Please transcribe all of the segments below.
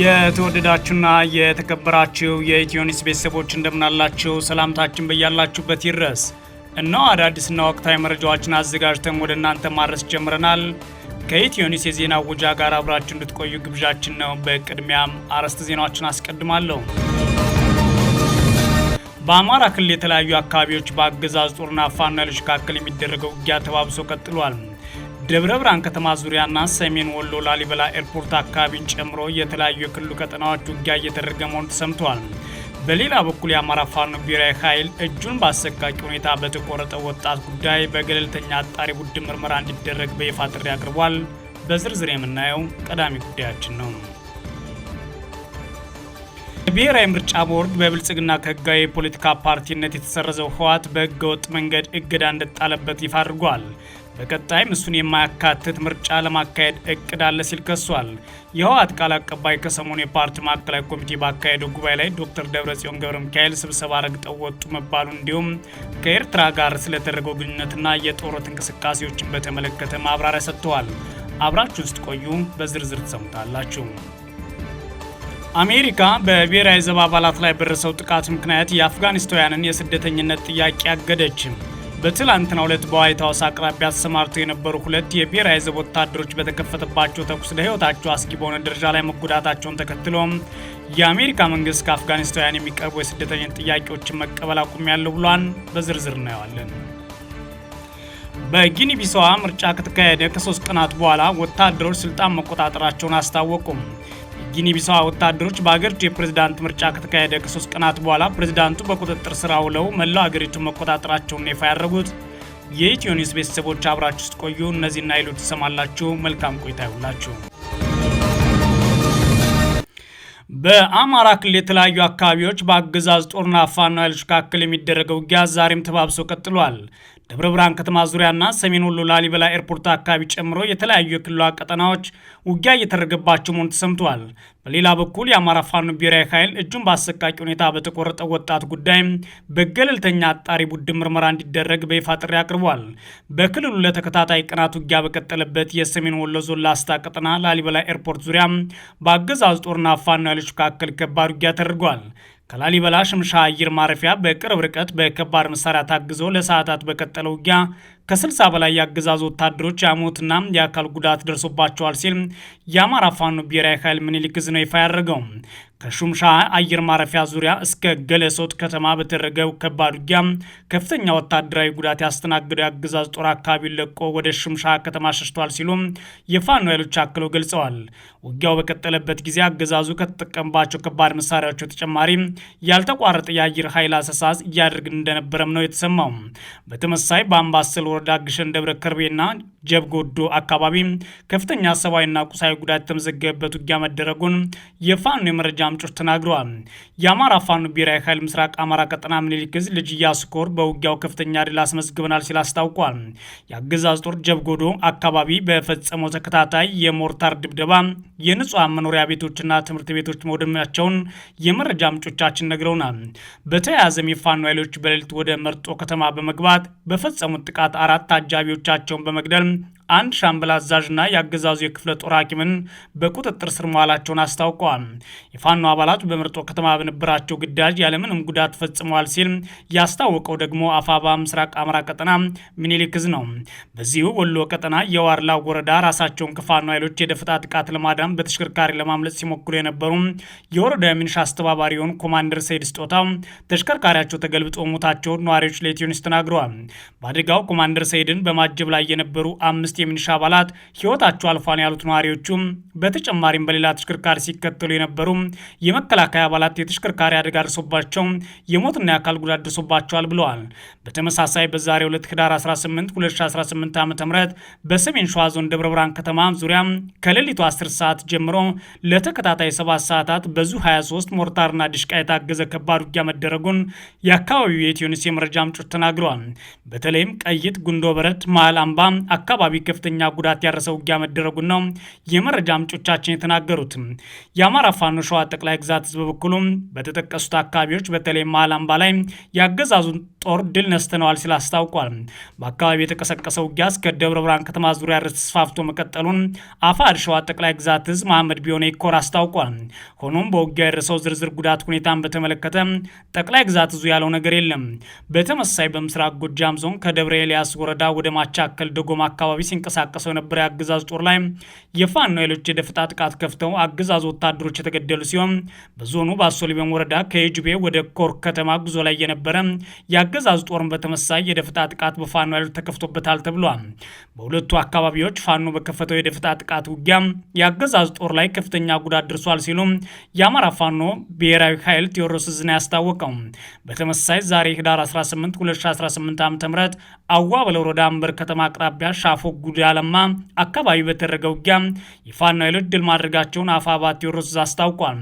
የተወደዳችሁና የተከበራችሁ የኢትዮኒስ ቤተሰቦች እንደምናላችሁ ሰላምታችን በያላችሁበት ይድረስ። እነሆ አዳዲስና ወቅታዊ መረጃዎችን አዘጋጅተን ወደ እናንተ ማድረስ ጀምረናል። ከኢትዮኒስ የዜና ውጃ ጋር አብራችሁ እንድትቆዩ ግብዣችን ነው። በቅድሚያም አርዕስተ ዜናዎችን አስቀድማለሁ። በአማራ ክልል የተለያዩ አካባቢዎች በአገዛዝ ጦርና ፋኖ ኃይሎች መካከል የሚደረገው ውጊያ ተባብሶ ቀጥሏል። ደብረ ብርሃን ከተማ ዙሪያና ሰሜን ወሎ ላሊበላ ኤርፖርት አካባቢን ጨምሮ የተለያዩ የክልሉ ቀጠናዎች ውጊያ እየተደረገ መሆኑ ተሰምተዋል። በሌላ በኩል የአማራ ፋኖ ብሔራዊ ኃይል እጁን በአሰቃቂ ሁኔታ በተቆረጠ ወጣት ጉዳይ በገለልተኛ አጣሪ ቡድን ምርመራ እንዲደረግ በይፋ ጥሪ አቅርቧል። በዝርዝር የምናየው ቀዳሚ ጉዳያችን ነው። የብሔራዊ ምርጫ ቦርድ በብልጽግና ከህጋዊ የፖለቲካ ፓርቲነት የተሰረዘው ህወሓት በህገወጥ መንገድ እገዳ እንደጣለበት ይፋ አድርጓል። በቀጣይም እሱን የማያካትት ምርጫ ለማካሄድ እቅድ አለ ሲል ከሷል። የህወሓት ቃል አቀባይ ከሰሞኑ የፓርቲ ማዕከላዊ ኮሚቴ ባካሄደው ጉባኤ ላይ ዶክተር ደብረጽዮን ገብረ ሚካኤል ስብሰባ ረግጠው ወጡ መባሉ እንዲሁም ከኤርትራ ጋር ስለተደረገው ግንኙነትና የጦርነት እንቅስቃሴዎችን በተመለከተ ማብራሪያ ሰጥተዋል። አብራችሁ ውስጥ ቆዩ፣ በዝርዝር ትሰሙታላችሁ። አሜሪካ በብሔራዊ ዘብ አባላት ላይ በደረሰው ጥቃት ምክንያት የአፍጋኒስታውያንን የስደተኝነት ጥያቄ አገደችም። በትላንትና ሁለት በዋይት ሀውስ አቅራቢያ ተሰማርተው የነበሩ ሁለት የብሔራዊ ዘብ ወታደሮች በተከፈተባቸው ተኩስ ለህይወታቸው አስጊ በሆነ ደረጃ ላይ መጎዳታቸውን ተከትሎም የአሜሪካ መንግስት ከአፍጋኒስታውያን የሚቀርቡ የስደተኞች ጥያቄዎችን መቀበል ያለው ብሏን በዝርዝር እናየዋለን። በጊኒ ቢሳዋ ምርጫ ከተካሄደ ከሶስት ቀናት በኋላ ወታደሮች ስልጣን መቆጣጠራቸውን አስታወቁም። ጊኒቢሳዋ ወታደሮች በሀገሪቱ የፕሬዝዳንት ምርጫ ከተካሄደ ከሶስት ቀናት በኋላ ፕሬዝዳንቱ በቁጥጥር ስር ውለው መላው ሀገሪቱን መቆጣጠራቸውን ይፋ ያደረጉት የኢትዮ ኒውስ ቤተሰቦች አብራችሁ ስትቆዩ እነዚህና ይሉት ትሰማላችሁ። መልካም ቆይታ ይሁንላችሁ። በአማራ ክልል የተለያዩ አካባቢዎች በአገዛዝ ጦርና ፋኖ ኃይሎች መካከል የሚደረገው ውጊያ ዛሬም ተባብሶ ቀጥሏል። ደብረ ብርሃን ከተማ ዙሪያና ሰሜን ወሎ ላሊበላ ኤርፖርት አካባቢ ጨምሮ የተለያዩ የክልሏ ቀጠናዎች ውጊያ እየተደረገባቸው መሆኑ ተሰምቷል። በሌላ በኩል የአማራ ፋኖ ብሔራዊ ኃይል እጁን በአሰቃቂ ሁኔታ በተቆረጠ ወጣት ጉዳይ በገለልተኛ አጣሪ ቡድን ምርመራ እንዲደረግ በይፋ ጥሪ አቅርቧል። በክልሉ ለተከታታይ ቀናት ውጊያ በቀጠለበት የሰሜን ወሎ ዞን ላስታ ቀጠና ላሊበላ ኤርፖርት ዙሪያ በአገዛዝ ጦርና ፋኖ ኃይሎች መካከል ከባድ ውጊያ ተደርጓል። ከላሊበላ ሽምሻ አየር ማረፊያ በቅርብ ርቀት በከባድ መሳሪያ ታግዞ ለሰዓታት በቀጠለ ውጊያ ከስልሳ በላይ የአገዛዙ ወታደሮች የሞትና የአካል ጉዳት ደርሶባቸዋል ሲል የአማራ ፋኖ ብሔራዊ ኃይል ምኒልክ ዕዝ ነው ይፋ ያደረገው። ከሹምሻ አየር ማረፊያ ዙሪያ እስከ ገለሶት ከተማ በተደረገው ከባድ ውጊያ ከፍተኛ ወታደራዊ ጉዳት ያስተናገደው የአገዛዝ ጦር አካባቢ ለቆ ወደ ሹምሻ ከተማ ሸሽቷል ሲሉ የፋኖ ኃይሎች አክለው ገልጸዋል። ውጊያው በቀጠለበት ጊዜ አገዛዙ ከተጠቀምባቸው ከባድ መሳሪያዎች በተጨማሪ ያልተቋረጠ የአየር ኃይል አሰሳዝ እያደረግን እንደነበረም ነው የተሰማው። በተመሳይ በአምባሰል ወረዳ ወረዳ ግሸን ደብረ ከርቤና ጀብጎዶ አካባቢ ከፍተኛ ሰብአዊና ቁሳዊ ጉዳት የተመዘገበበት ውጊያ መደረጉን የፋኖ የመረጃ ምንጮች ተናግረዋል። የአማራ ፋኖ ብሔራዊ ኃይል ምስራቅ አማራ ቀጠና ምኒልክ ልጅ ያስኮር ኮር በውጊያው ከፍተኛ ድል አስመዝግበናል ሲል አስታውቋል። የአገዛዝ ጦር ጀብጎዶ አካባቢ በፈጸመው ተከታታይ የሞርታር ድብደባ የንጹሐን መኖሪያ ቤቶችና ትምህርት ቤቶች መውደማቸውን የመረጃ ምንጮቻችን ነግረውናል። በተያያዘም የፋኖ ኃይሎች በሌሊት ወደ መርጦ ከተማ በመግባት በፈጸሙት ጥቃት አራት አጃቢዎቻቸውን በመግደል አንድ ሻምበል አዛዥና የአገዛዙ የክፍለ ጦር ሐኪምን በቁጥጥር ስር መዋላቸውን አስታውቀዋል። የፋኖ አባላቱ በምርጦ ከተማ በነበራቸው ግዳጅ ያለምንም ጉዳት ፈጽመዋል ሲል ያስታወቀው ደግሞ አፋባ ምስራቅ አማራ ቀጠና ሚኒሊክዝ ነው። በዚሁ ወሎ ቀጠና የዋርላ ወረዳ ራሳቸውን ከፋኖ ኃይሎች የደፈጣ ጥቃት ለማዳም በተሽከርካሪ ለማምለጥ ሲሞክሩ የነበሩ የወረዳ ሚኒሻ አስተባባሪ የሆኑ ኮማንደር ሰይድ ስጦታ ተሽከርካሪያቸው ተገልብጦ ሞታቸውን ነዋሪዎች ለኢትዮኒውስ ተናግረዋል። በአደጋው ኮማንደር ሰይድን በማጀብ ላይ የነበሩ አምስት የሚኒሻ አባላት ህይወታቸው አልፏን ያሉት ነዋሪዎቹም በተጨማሪም በሌላ ተሽከርካሪ ሲከተሉ የነበሩ የመከላከያ አባላት የተሽከርካሪ አደጋ ደርሶባቸው የሞትና የአካል ጉዳት ደርሶባቸዋል ብለዋል። በተመሳሳይ በዛሬ 2 ህዳር 18 2018 ዓ ም በሰሜን ሸዋ ዞን ደብረ ብርሃን ከተማ ዙሪያ ከሌሊቱ 10 ሰዓት ጀምሮ ለተከታታይ 7 ሰዓታት በዙ 23 ሞርታርና ድሽቃ የታገዘ ከባድ ውጊያ መደረጉን የአካባቢው የኢትዮኒስ የመረጃ ምንጮች ተናግረዋል። በተለይም ቀይት ጉንዶ በረት መሃል አምባ አካባቢ ከፍተኛ ጉዳት ያረሰ ውጊያ መደረጉን ነው የመረጃ ምንጮቻችን የተናገሩት። የአማራ ፋኖ ሸዋ ጠቅላይ ግዛት ህዝብ በበኩሉም በተጠቀሱት አካባቢዎች በተለይ መሃል አምባ ላይ የአገዛዙን ጦር ድል ነስተነዋል ሲል አስታውቋል። በአካባቢው የተቀሰቀሰው ውጊያ እስከ ደብረ ብርሃን ከተማ ዙሪያ ድረስ ተስፋፍቶ መቀጠሉን አፋሕድ ሸዋ ጠቅላይ ግዛት እዝ መሐመድ ቢሆነ ኮር አስታውቋል። ሆኖም በውጊያ የደረሰው ዝርዝር ጉዳት ሁኔታን በተመለከተ ጠቅላይ ግዛት እዙ ያለው ነገር የለም። በተመሳይ በምስራቅ ጎጃም ዞን ከደብረ ኤልያስ ወረዳ ወደ ማቻከል ደጎማ አካባቢ ሲንቀሳቀሰው የነበረ የአገዛዝ ጦር ላይ የፋኖ ኃይሎች የደፈጣ ጥቃት ከፍተው አገዛዙ ወታደሮች የተገደሉ ሲሆን በዞኑ በአሶሊቤን ወረዳ ከየጁቤ ወደ ኮር ከተማ ጉዞ ላይ የነበረ የአገዛዙ ጦርን በተመሳይ የደፍጣ ጥቃት በፋኖ ኃይሎች ተከፍቶበታል ተብሏል። በሁለቱ አካባቢዎች ፋኖ በከፈተው የደፍጣ ጥቃት ውጊያ የአገዛዝ ጦር ላይ ከፍተኛ ጉዳት ደርሷል ሲሉም የአማራ ፋኖ ብሔራዊ ኃይል ቴዎድሮስ ዝና ያስታወቀው። በተመሳይ ዛሬ ህዳር 18 2018 ዓ ም አዋ በለው ወረዳ አንበር ከተማ አቅራቢያ ሻፎ ጉዳለማ አካባቢ በተደረገ ውጊያ የፋኖ ኃይሎች ድል ማድረጋቸውን አፋባ ቴዎድሮስ አስታውቋል።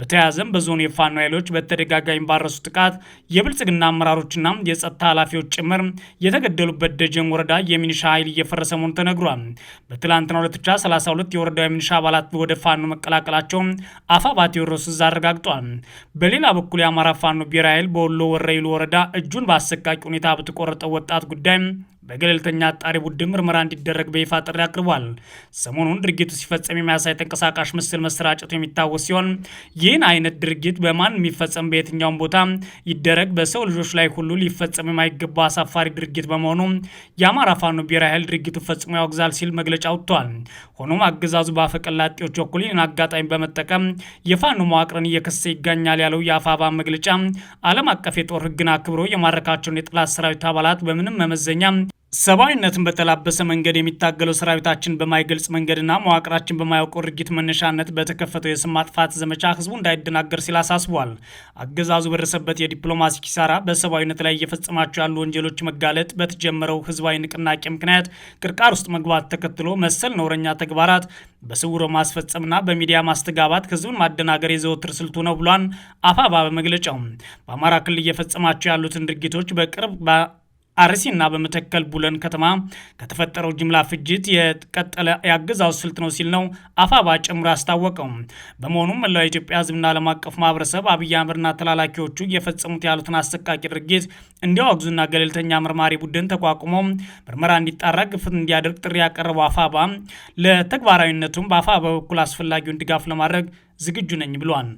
በተያያዘም በዞኑ የፋኖ ኃይሎች በተደጋጋሚ ባረሱ ጥቃት የብልጽግና አመራሮችና ፖሊስና የጸጥታ ኃላፊዎች ጭምር የተገደሉበት ደጀን ወረዳ የሚኒሻ ኃይል እየፈረሰ መሆኑ ተነግሯል። በትላንትና ሁለት ብቻ 32 የወረዳ የሚኒሻ አባላት ወደ ፋኖ መቀላቀላቸው አፋባ ቴዎድሮስ እዝ አረጋግጧል። በሌላ በኩል የአማራ ፋኖ ብሔራዊ ኃይል በወሎ ወረይሉ ወረዳ እጁን በአሰቃቂ ሁኔታ በተቆረጠው ወጣት ጉዳይ በገለልተኛ አጣሪ ቡድን ምርመራ እንዲደረግ በይፋ ጥሪ አቅርቧል። ሰሞኑን ድርጊቱ ሲፈጸም የሚያሳይ ተንቀሳቃሽ ምስል መሰራጨቱ የሚታወስ ሲሆን ይህን አይነት ድርጊት በማን የሚፈጸም በየትኛውም ቦታ ይደረግ በሰው ልጆች ላይ ሁሉ ሊፈጸም የማይገባው አሳፋሪ ድርጊት በመሆኑ የአማራ ፋኖ ብሔራዊ ኃይል ድርጊቱ ፈጽሞ ያወግዛል ሲል መግለጫ አውጥቷል። ሆኖም አገዛዙ በአፈቀላጤዎች በኩል ይህን አጋጣሚ በመጠቀም የፋኖ መዋቅርን እየከሰ ይገኛል ያለው የአፋባ መግለጫ ዓለም አቀፍ የጦር ህግን አክብሮ የማረካቸውን የጠላት ሰራዊት አባላት በምንም መመዘኛ ሰብአዊነትን በተላበሰ መንገድ የሚታገለው ሰራዊታችን በማይገልጽ መንገድና መዋቅራችን በማያውቀው ድርጊት መነሻነት በተከፈተው የስም ማጥፋት ዘመቻ ህዝቡ እንዳይደናገር ሲል አሳስቧል። አገዛዙ በደረሰበት የዲፕሎማሲ ኪሳራ በሰብአዊነት ላይ እየፈጸማቸው ያሉ ወንጀሎች መጋለጥ በተጀመረው ህዝባዊ ንቅናቄ ምክንያት ቅርቃር ውስጥ መግባት ተከትሎ መሰል ነውረኛ ተግባራት በስውሮ ማስፈጸምና በሚዲያ ማስተጋባት ህዝብን ማደናገር የዘወትር ስልቱ ነው ብሏን አፋባ በመግለጫው በአማራ ክልል እየፈጸማቸው ያሉትን ድርጊቶች በቅርብ አርሲና በመተከል ቡለን ከተማ ከተፈጠረው ጅምላ ፍጅት የቀጠለ የአገዛዙ ስልት ነው ሲል ነው አፋባ ጨምሮ ያስታወቀው በመሆኑም መላው የኢትዮጵያ ሕዝብና ዓለም አቀፍ ማህበረሰብ አብይ አህመድና ተላላኪዎቹ የፈጸሙት ያሉትን አሰቃቂ ድርጊት እንዲያወግዙና ገለልተኛ መርማሪ ቡድን ተቋቁሞ ምርመራ እንዲጣራ ግፍት እንዲያደርግ ጥሪ ያቀረበው አፋባ ለተግባራዊነቱም በአፋባ በኩል አስፈላጊውን ድጋፍ ለማድረግ ዝግጁ ነኝ ብሏል።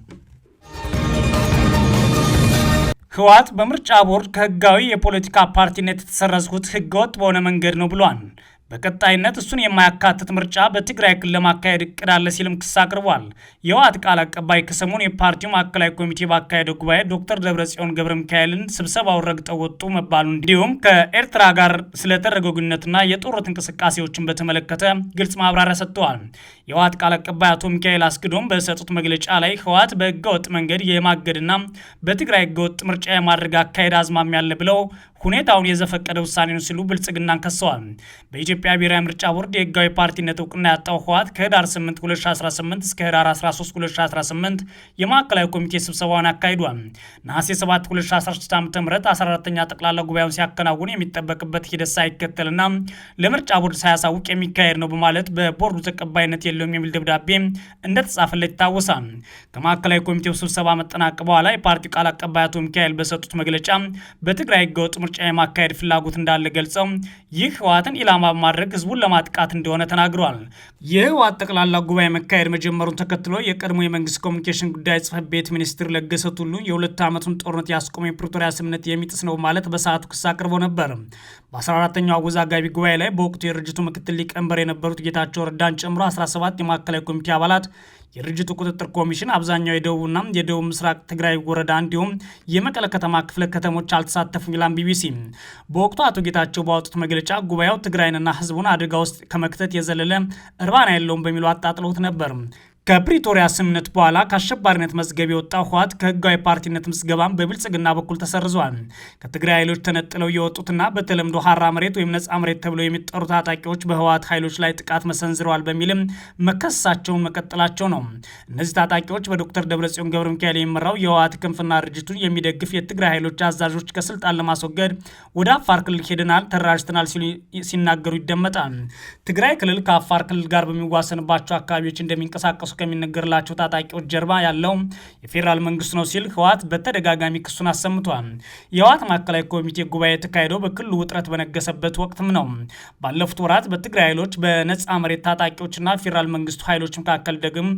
ህወሓት በምርጫ ቦርድ ከህጋዊ የፖለቲካ ፓርቲነት የተሰረዝኩት ህገወጥ በሆነ መንገድ ነው ብሏል። በቀጣይነት እሱን የማያካትት ምርጫ በትግራይ ክልል ለማካሄድ እቅድ አለ ሲልም ክስ አቅርቧል። የህወሓት ቃል አቀባይ ከሰሞኑ የፓርቲው ማዕከላዊ ኮሚቴ ባካሄደው ጉባኤ ዶክተር ደብረጽዮን ገብረ ሚካኤልን ስብሰባውን ረግጠው ወጡ መባሉ እንዲሁም ከኤርትራ ጋር ስለተደረገው ግንኙነትና የጦርነት እንቅስቃሴዎችን በተመለከተ ግልጽ ማብራሪያ ሰጥተዋል። የህወሓት ቃል አቀባይ አቶ ሚካኤል አስግዶም በሰጡት መግለጫ ላይ ህወሓት በህገወጥ መንገድ የማገድና በትግራይ ህገወጥ ምርጫ የማድረግ አካሄድ አዝማሚያ አለ ብለው ሁኔታውን የዘፈቀደ ውሳኔ ነው ሲሉ ብልጽግናን ከሰዋል። በኢትዮጵያ ብሔራዊ ምርጫ ቦርድ የህጋዊ ፓርቲነት እውቅና ያጣው ህወሓት ከህዳር 8 2018 እስከ ህዳር 13 2018 የማዕከላዊ ኮሚቴ ስብሰባውን አካሂዷል። ነሐሴ 7 2016 ዓ ም 14ኛ ጠቅላላ ጉባኤውን ሲያከናውን የሚጠበቅበት ሂደት ሳይከተልና ለምርጫ ቦርድ ሳያሳውቅ የሚካሄድ ነው በማለት በቦርዱ ተቀባይነት የለውም የሚል ደብዳቤ እንደተጻፈለት ይታወሳል። ከማዕከላዊ ኮሚቴው ስብሰባ መጠናቀቅ በኋላ የፓርቲው ቃል አቀባይ አቶ ሚካኤል በሰጡት መግለጫ በትግራይ ህገወጥ ምርጫ የማካሄድ ፍላጎት እንዳለ ገልጸው ይህ ህወሓትን ኢላማ በማድረግ ህዝቡን ለማጥቃት እንደሆነ ተናግሯል የህወሓት ጠቅላላ ጉባኤ መካሄድ መጀመሩን ተከትሎ የቀድሞ የመንግስት ኮሚኒኬሽን ጉዳይ ጽህፈት ቤት ሚኒስትር ለገሰ ቱሉ የሁለት ዓመቱን ጦርነት ያስቆመ የፕሪቶሪያ ስምምነት የሚጥስ ነው ማለት በሰዓቱ ክስ አቅርቦ ነበር። በ14ተኛው አወዛጋቢ ጉባኤ ላይ በወቅቱ የድርጅቱ ምክትል ሊቀመንበር የነበሩት ጌታቸው ረዳን ጨምሮ 17 የማዕከላዊ ኮሚቴ አባላት የድርጅቱ ቁጥጥር ኮሚሽን አብዛኛው የደቡብና የደቡብ ምስራቅ ትግራይ ወረዳ እንዲሁም የመቀለ ከተማ ክፍለ ከተሞች አልተሳተፉም ይላል ቢቢሲ። በወቅቱ አቶ ጌታቸው ባወጡት መግለጫ ጉባኤው ትግራይንና ህዝቡን አደጋ ውስጥ ከመክተት የዘለለ እርባና የለውም በሚሉ አጣጥለውት ነበር። ከፕሪቶሪያ ስምምነት በኋላ ከአሸባሪነት መዝገብ የወጣው ህወሓት ከህጋዊ ፓርቲነት ምዝገባም በብልጽግና በኩል ተሰርዟል። ከትግራይ ኃይሎች ተነጥለው የወጡትና በተለምዶ ሀራ መሬት ወይም ነጻ መሬት ተብለው የሚጠሩ ታጣቂዎች በህወሓት ኃይሎች ላይ ጥቃት መሰንዝረዋል በሚልም መከሰሳቸውን መቀጠላቸው ነው። እነዚህ ታጣቂዎች በዶክተር ደብረጽዮን ገብረ ሚካኤል የሚመራው የህወሓት ክንፍና ድርጅቱን የሚደግፍ የትግራይ ኃይሎች አዛዦች ከስልጣን ለማስወገድ ወደ አፋር ክልል ሄደናል፣ ተደራጅተናል ሲሉ ሲናገሩ ይደመጣል። ትግራይ ክልል ከአፋር ክልል ጋር በሚዋሰንባቸው አካባቢዎች እንደሚንቀሳቀሱ ከሚነገርላቸው ታጣቂዎች ጀርባ ያለው የፌዴራል መንግስት ነው ሲል ህወሓት በተደጋጋሚ ክሱን አሰምቷል። የህወሓት ማዕከላዊ ኮሚቴ ጉባኤ የተካሄደው በክልሉ ውጥረት በነገሰበት ወቅትም ነው። ባለፉት ወራት በትግራይ ኃይሎች በነጻ መሬት ታጣቂዎችና ፌዴራል መንግስቱ ኃይሎች መካከል ደግም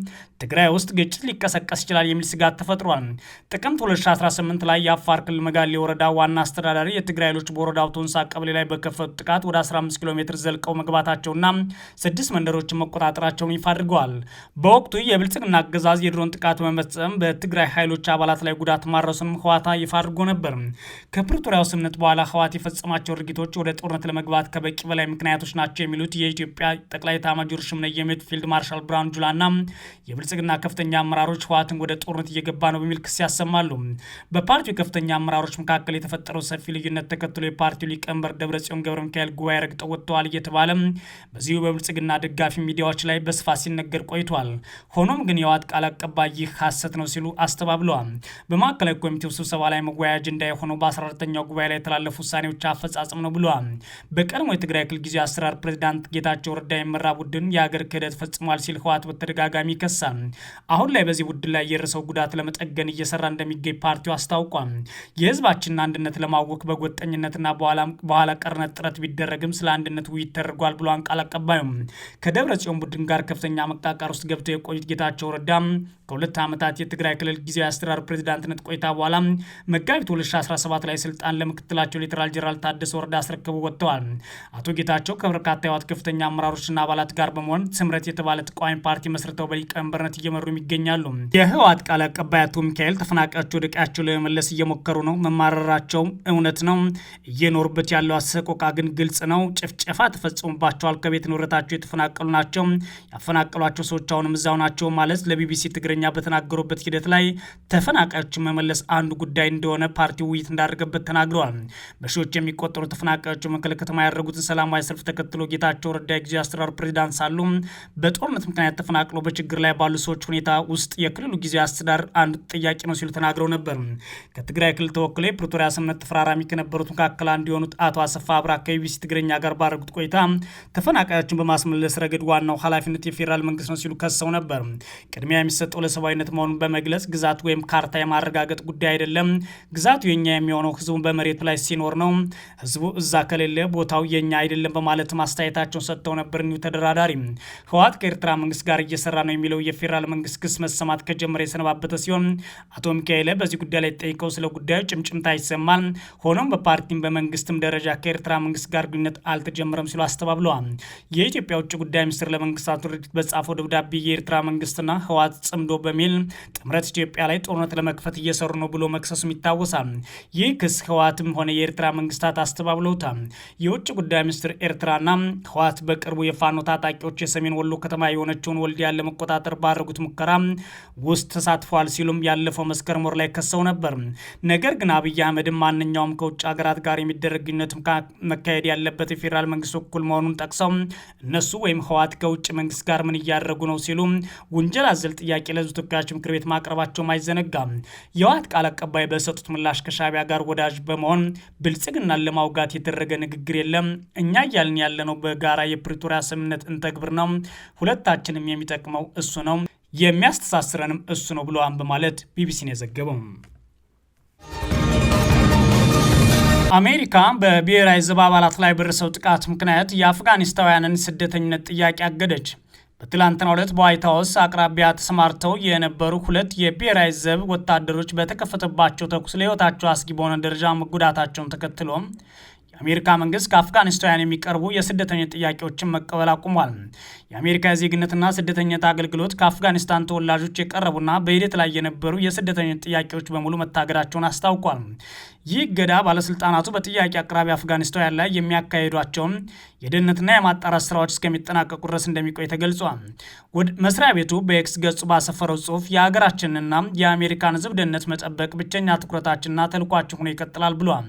ትግራይ ውስጥ ግጭት ሊቀሰቀስ ይችላል የሚል ስጋት ተፈጥሯል። ጥቅምት 2018 ላይ የአፋር ክልል መጋሌ ወረዳ ዋና አስተዳዳሪ የትግራይ ኃይሎች በወረዳው ቶንሳ ቀበሌ ላይ በከፈቱ ጥቃት ወደ 15 ኪሎ ሜትር ዘልቀው መግባታቸውና ስድስት መንደሮችን መቆጣጠራቸውን ይፋ አድርገዋል። በወቅቱ የብልጽግና አገዛዝ የድሮን ጥቃት በመፈጸም በትግራይ ኃይሎች አባላት ላይ ጉዳት ማድረሱንም ህዋት ይፋ አድርጎ ነበር። ከፕሪቶሪያው ስምምነት በኋላ ህዋት የፈጸማቸው ድርጊቶች ወደ ጦርነት ለመግባት ከበቂ በላይ ምክንያቶች ናቸው የሚሉት የኢትዮጵያ ጠቅላይ ኤታማዦር ሹም የሜት ፊልድ ማርሻል ብርሃኑ ጁላና የብልጽግና ከፍተኛ አመራሮች ህዋትን ወደ ጦርነት እየገባ ነው በሚል ክስ ያሰማሉ። በፓርቲው ከፍተኛ አመራሮች መካከል የተፈጠረው ሰፊ ልዩነት ተከትሎ የፓርቲው ሊቀመንበር ደብረጽዮን ገብረ ሚካኤል ጉባኤ ረግጠው ወጥተዋል እየተባለ በዚሁ በብልጽግና ደጋፊ ሚዲያዎች ላይ በስፋት ሲነገር ቆይቷል። ሆኖም ግን የዋት ቃል አቀባይ ይህ ሀሰት ነው ሲሉ አስተባብለዋል። በማዕከላዊ ኮሚቴው ስብሰባ ላይ መወያያ አጀንዳ የሆነው በ14ተኛው ጉባኤ ላይ የተላለፉ ውሳኔዎች አፈጻጸም ነው ብለዋል። በቀድሞ የትግራይ ክልል ጊዜ አሰራር ፕሬዚዳንት ጌታቸው ረዳ የመራ ቡድን የሀገር ክህደት ፈጽሟል ሲል ህወሓት በተደጋጋሚ ይከሳል። አሁን ላይ በዚህ ቡድን ላይ የደረሰው ጉዳት ለመጠገን እየሰራ እንደሚገኝ ፓርቲው አስታውቋል። የህዝባችንን አንድነት ለማወክ በጎጠኝነትና በኋላ ቀርነት ጥረት ቢደረግም ስለ አንድነት ውይይት ተደርጓል ብሏን ቃል አቀባዩም ከደብረ ጽዮን ቡድን ጋር ከፍተኛ መቃቃር ውስጥ ገብተው የቆዩት ጌታቸው ረዳ ከሁለት ዓመታት የትግራይ ክልል ጊዜያዊ አስተዳደር ፕሬዚዳንትነት ቆይታ በኋላ መጋቢት 2017 ላይ ስልጣን ለምክትላቸው ሌተናል ጄኔራል ታደሰ ወረዳ አስረክቡ ወጥተዋል። አቶ ጌታቸው ከበርካታ ህወሓት ከፍተኛ አመራሮችና አባላት ጋር በመሆን ስምረት የተባለ ተቃዋሚ ፓርቲ መስርተው በሊቀመንበርነት እየመሩ ይገኛሉ። የህወሓት ቃል አቀባይ አቶ ሚካኤል ተፈናቃዮች ወደ ቀያቸው ለመመለስ እየሞከሩ ነው። መማረራቸው እውነት ነው። እየኖሩበት ያለው አሰቆቃ ግን ግልጽ ነው። ጭፍጨፋ ተፈጽሞባቸዋል። ከቤት ንብረታቸው የተፈናቀሉ ናቸው። ያፈናቀሏቸው ሰዎች አሁንም እዛ እዛው ናቸው ማለት ለቢቢሲ ትግርኛ በተናገሩበት ሂደት ላይ ተፈናቃዮችን መመለስ አንዱ ጉዳይ እንደሆነ ፓርቲው ውይይት እንዳደረገበት ተናግረዋል። በሺዎች የሚቆጠሩ ተፈናቃዮች መቀለ ከተማ ያደረጉትን ሰላማዊ ሰልፍ ተከትሎ ጌታቸው ረዳ ጊዜ አስተዳደሩ ፕሬዚዳንት ሳሉ በጦርነት ምክንያት ተፈናቅሎ በችግር ላይ ባሉ ሰዎች ሁኔታ ውስጥ የክልሉ ጊዜ አስተዳደር አንዱ ጥያቄ ነው ሲሉ ተናግረው ነበር። ከትግራይ ክልል ተወክሎ የፕሪቶሪያ ስምምነት ተፈራራሚ ከነበሩት መካከል አንዱ የሆኑት አቶ አሰፋ አብራ ከቢቢሲ ትግርኛ ጋር ባደረጉት ቆይታ ተፈናቃዮችን በማስመለስ ረገድ ዋናው ኃላፊነት የፌዴራል መንግስት ነው ሲሉ ከሰው ነበር። ነበር። ቅድሚያ የሚሰጠው ለሰብአዊነት መሆኑን በመግለጽ ግዛት ወይም ካርታ የማረጋገጥ ጉዳይ አይደለም። ግዛቱ የኛ የሚሆነው ህዝቡን በመሬቱ ላይ ሲኖር ነው። ህዝቡ እዛ ከሌለ ቦታው የኛ አይደለም በማለት ማስተያየታቸውን ሰጥተው ነበር። እኒሁ ተደራዳሪ ህወሓት ከኤርትራ መንግስት ጋር እየሰራ ነው የሚለው የፌዴራል መንግስት ክስ መሰማት ከጀመረ የሰነባበተ ሲሆን አቶ ሚካኤለ በዚህ ጉዳይ ላይ ጠይቀው ስለ ጉዳዩ ጭምጭምታ ይሰማል። ሆኖም በፓርቲም በመንግስትም ደረጃ ከኤርትራ መንግስት ጋር ግንኙነት አልተጀመረም ሲሉ አስተባብለዋል። የኢትዮጵያ ውጭ ጉዳይ ሚኒስትር ለመንግስታቱ ድርጅት በጻፈው ደብዳቤ የኤርትራ የኤርትራ መንግስትና ህወሓት ጽምዶ በሚል ጥምረት ኢትዮጵያ ላይ ጦርነት ለመክፈት እየሰሩ ነው ብሎ መክሰሱም ይታወሳል። ይህ ክስ ህወሓትም ሆነ የኤርትራ መንግስታት አስተባብለውታል። የውጭ ጉዳይ ሚኒስትር ኤርትራና ህወሓት በቅርቡ የፋኖ ታጣቂዎች የሰሜን ወሎ ከተማ የሆነችውን ወልዲያን ለመቆጣጠር ባደረጉት ሙከራ ውስጥ ተሳትፈዋል ሲሉም ያለፈው መስከረም ወር ላይ ከሰው ነበር። ነገር ግን አብይ አህመድም ማንኛውም ከውጭ ሀገራት ጋር የሚደረግ ግንኙነት መካሄድ ያለበት የፌዴራል መንግስት በኩል መሆኑን ጠቅሰው እነሱ ወይም ህወሓት ከውጭ መንግስት ጋር ምን እያደረጉ ነው ሲሉም ወንጀል አዘል ጥያቄ ለህዝብ ተወካዮች ምክር ቤት ማቅረባቸውም አይዘነጋም። የህወሓት ቃል አቀባይ በሰጡት ምላሽ ከሻቢያ ጋር ወዳጅ በመሆን ብልጽግናን ለማውጋት የተደረገ ንግግር የለም። እኛ እያልን ያለነው በጋራ የፕሪቶሪያ ስምምነት እንተግብር ነው። ሁለታችንም የሚጠቅመው እሱ ነው፣ የሚያስተሳስረንም እሱ ነው ብለዋን በማለት ቢቢሲን የዘገበው አሜሪካ በብሔራዊ ዘብ አባላት ላይ በደረሰው ጥቃት ምክንያት የአፍጋኒስታውያንን ስደተኝነት ጥያቄ አገደች። በትላንትናው ዕለት በዋይት ሀውስ አቅራቢያ ተሰማርተው የነበሩ ሁለት የብሔራዊ ዘብ ወታደሮች በተከፈተባቸው ተኩስ ለሕይወታቸው አስጊ በሆነ ደረጃ መጎዳታቸውን ተከትሎም የአሜሪካ መንግስት ከአፍጋኒስታውያን የሚቀርቡ የስደተኞች ጥያቄዎችን መቀበል አቁሟል። የአሜሪካ የዜግነትና ስደተኝነት አገልግሎት ከአፍጋኒስታን ተወላጆች የቀረቡና በሂደት ላይ የነበሩ የስደተኞች ጥያቄዎች በሙሉ መታገዳቸውን አስታውቋል። ይህ እገዳ ባለስልጣናቱ በጥያቄ አቅራቢ አፍጋኒስታውያን ላይ የሚያካሂዷቸውን የደህንነትና የማጣራት ስራዎች እስከሚጠናቀቁ ድረስ እንደሚቆይ ተገልጿል። መስሪያ ቤቱ በኤክስ ገጹ ባሰፈረው ጽሁፍ የሀገራችንንና የአሜሪካን ህዝብ ደህንነት መጠበቅ ብቸኛ ትኩረታችንና ተልኳችን ሆኖ ይቀጥላል ብሏል።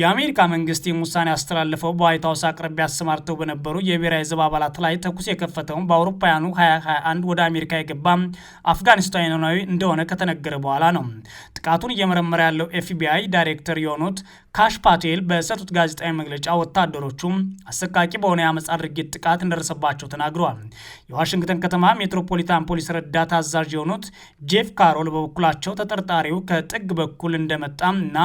የአሜሪካ መንግስት ይህም ውሳኔ ያስተላለፈው በዋይት ሀውስ አቅርቢያ አሰማርተው በነበሩ የብሔራዊ ዘብ አባላት ላይ ተኩስ የከፈተውን በአውሮፓውያኑ 2021 ወደ አሜሪካ የገባ አፍጋኒስታናዊ እንደሆነ ከተነገረ በኋላ ነው። ጥቃቱን እየመረመረ ያለው ኤፍቢአይ ዳይሬክተር ዳይሬክተር የሆኑት ካሽ ፓቴል በሰጡት ጋዜጣዊ መግለጫ ወታደሮቹም አሰቃቂ በሆነ የአመፅ ድርጊት ጥቃት እንደደረሰባቸው ተናግረዋል። የዋሽንግተን ከተማ ሜትሮፖሊታን ፖሊስ ረዳት አዛዥ የሆኑት ጄፍ ካሮል በበኩላቸው ተጠርጣሪው ከጥግ በኩል እንደመጣ እና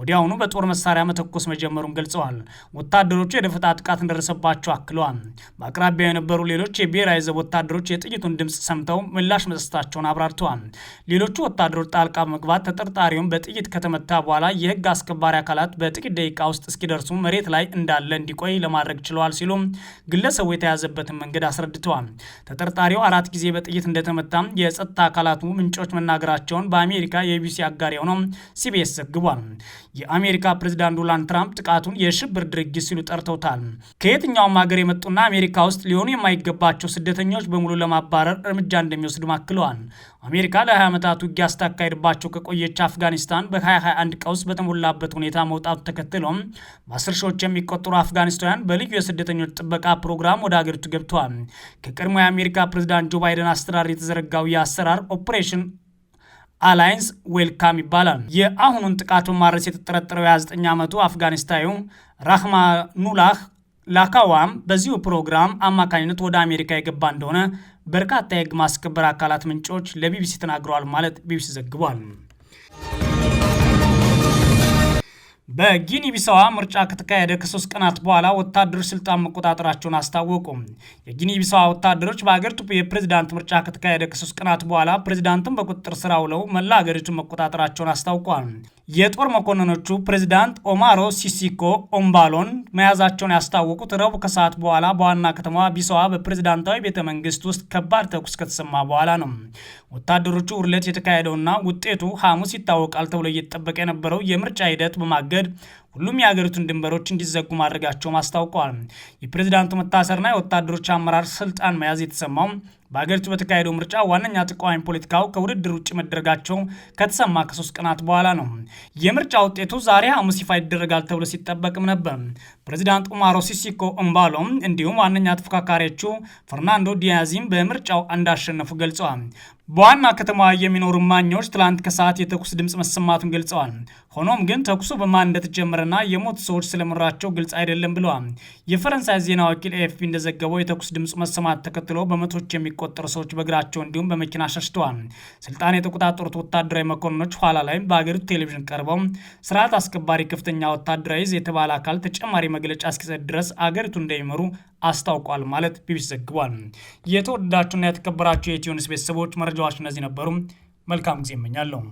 ወዲያውኑ በጦር መሳሪያ መተኮስ መጀመሩን ገልጸዋል። ወታደሮቹ የደፈጣ ጥቃት እንደደረሰባቸው አክለዋል። በአቅራቢያው የነበሩ ሌሎች የብሔራዊ ዘብ ወታደሮች የጥይቱን ድምፅ ሰምተው ምላሽ መስጠታቸውን አብራርተዋል። ሌሎቹ ወታደሮች ጣልቃ በመግባት ተጠርጣሪውን በጥይት ከተመታ በኋላ የህግ አስከባሪ አካላት በጥቂት ደቂቃ ውስጥ እስኪደርሱ መሬት ላይ እንዳለ እንዲቆይ ለማድረግ ችለዋል ሲሉም ግለሰቡ የተያዘበትን መንገድ አስረድተዋል። ተጠርጣሪው አራት ጊዜ በጥይት እንደተመታ የጸጥታ አካላቱ ምንጮች መናገራቸውን በአሜሪካ የቢቢሲ አጋር የሆነው ሲቢኤስ ዘግቧል። የአሜሪካ ፕሬዚዳንት ዶናልድ ትራምፕ ጥቃቱን የሽብር ድርጊት ሲሉ ጠርተውታል። ከየትኛውም ሀገር የመጡና አሜሪካ ውስጥ ሊሆኑ የማይገባቸው ስደተኞች በሙሉ ለማባረር እርምጃ እንደሚወስድ ማክለዋል። አሜሪካ ለ20 ዓመታት ውጊያ ስታካሄድባቸው ከቆየች አፍጋኒስታን በ2021 ቀውስ በተሞላበት ሁኔታ መውጣቱ ተከትሎም በአስር ሺዎች የሚቆጠሩ አፍጋኒስታውያን በልዩ የስደተኞች ጥበቃ ፕሮግራም ወደ ሀገሪቱ ገብተዋል። ከቀድሞ የአሜሪካ ፕሬዚዳንት ጆ ባይደን አስተዳደር የተዘረጋው የአሰራር ኦፕሬሽን አላይንስ ዌልካም ይባላል። የአሁኑን ጥቃቱን ማድረስ የተጠረጠረው የ29 ዓመቱ አፍጋኒስታዊው ራህማኑላህ ላካዋም በዚሁ ፕሮግራም አማካኝነት ወደ አሜሪካ የገባ እንደሆነ በርካታ የህግ ማስከበር አካላት ምንጮች ለቢቢሲ ተናግረዋል ማለት ቢቢሲ ዘግቧል። በጊኒ ቢሳዋ ምርጫ ከተካሄደ ከሶስት ቀናት በኋላ ወታደሮች ስልጣን መቆጣጠራቸውን አስታወቁ። የጊኒ ቢሳዋ ወታደሮች በአገሪቱ የፕሬዝዳንት ምርጫ ከተካሄደ ከሶስት ቀናት በኋላ ፕሬዝዳንትን በቁጥጥር ስር ውለው መላ አገሪቱን መቆጣጠራቸውን አስታውቋል። የጦር መኮንኖቹ ፕሬዝዳንት ኦማሮ ሲሲኮ ኦምባሎን መያዛቸውን ያስታወቁት ረቡዕ ከሰዓት በኋላ በዋና ከተማዋ ቢሳዋ በፕሬዝዳንታዊ ቤተ መንግስት ውስጥ ከባድ ተኩስ ከተሰማ በኋላ ነው። ወታደሮቹ ውርለት የተካሄደውና ውጤቱ ሐሙስ ይታወቃል ተብሎ እየተጠበቀ የነበረው የምርጫ ሂደት በማገ good ሁሉም የሀገሪቱን ድንበሮች እንዲዘጉ ማድረጋቸውም አስታውቀዋል። የፕሬዚዳንቱ መታሰርና የወታደሮች አመራር ስልጣን መያዝ የተሰማው በሀገሪቱ በተካሄደው ምርጫ ዋነኛ ተቃዋሚ ፖለቲካው ከውድድር ውጭ መደረጋቸው ከተሰማ ከሶስት ቀናት በኋላ ነው። የምርጫ ውጤቱ ዛሬ ሐሙስ ይፋ ይደረጋል ተብሎ ሲጠበቅም ነበር። ፕሬዚዳንት ኡማሮ ሲሲኮ እምባሎም እንዲሁም ዋነኛ ተፎካካሪዎቹ ፈርናንዶ ዲያዚም በምርጫው እንዳሸነፉ ገልጸዋል። በዋና ከተማዋ የሚኖሩ ማኞች ትላንት ከሰዓት የተኩስ ድምፅ መሰማቱን ገልጸዋል። ሆኖም ግን ተኩሱ በማን እንደተጀመረ መሞታቸውና የሞቱ ሰዎች ስለምራቸው ግልጽ አይደለም ብለዋል። የፈረንሳይ ዜና ወኪል ኤኤፍፒ እንደዘገበው የተኩስ ድምፅ መሰማት ተከትሎ በመቶች የሚቆጠሩ ሰዎች በእግራቸው እንዲሁም በመኪና ሸሽተዋል። ስልጣን የተቆጣጠሩት ወታደራዊ መኮንኖች ኋላ ላይ በሀገሪቱ ቴሌቪዥን ቀርበው ስርዓት አስከባሪ ከፍተኛ ወታደራዊ እዝ የተባለ አካል ተጨማሪ መግለጫ እስኪሰጥ ድረስ አገሪቱ እንደሚመሩ አስታውቋል ማለት ቢቢሲ ዘግቧል። የተወደዳችሁና የተከበራችሁ የኢትዮኒውስ ቤተሰቦች መረጃዎች እነዚህ ነበሩ። መልካም ጊዜ እመኛለሁ።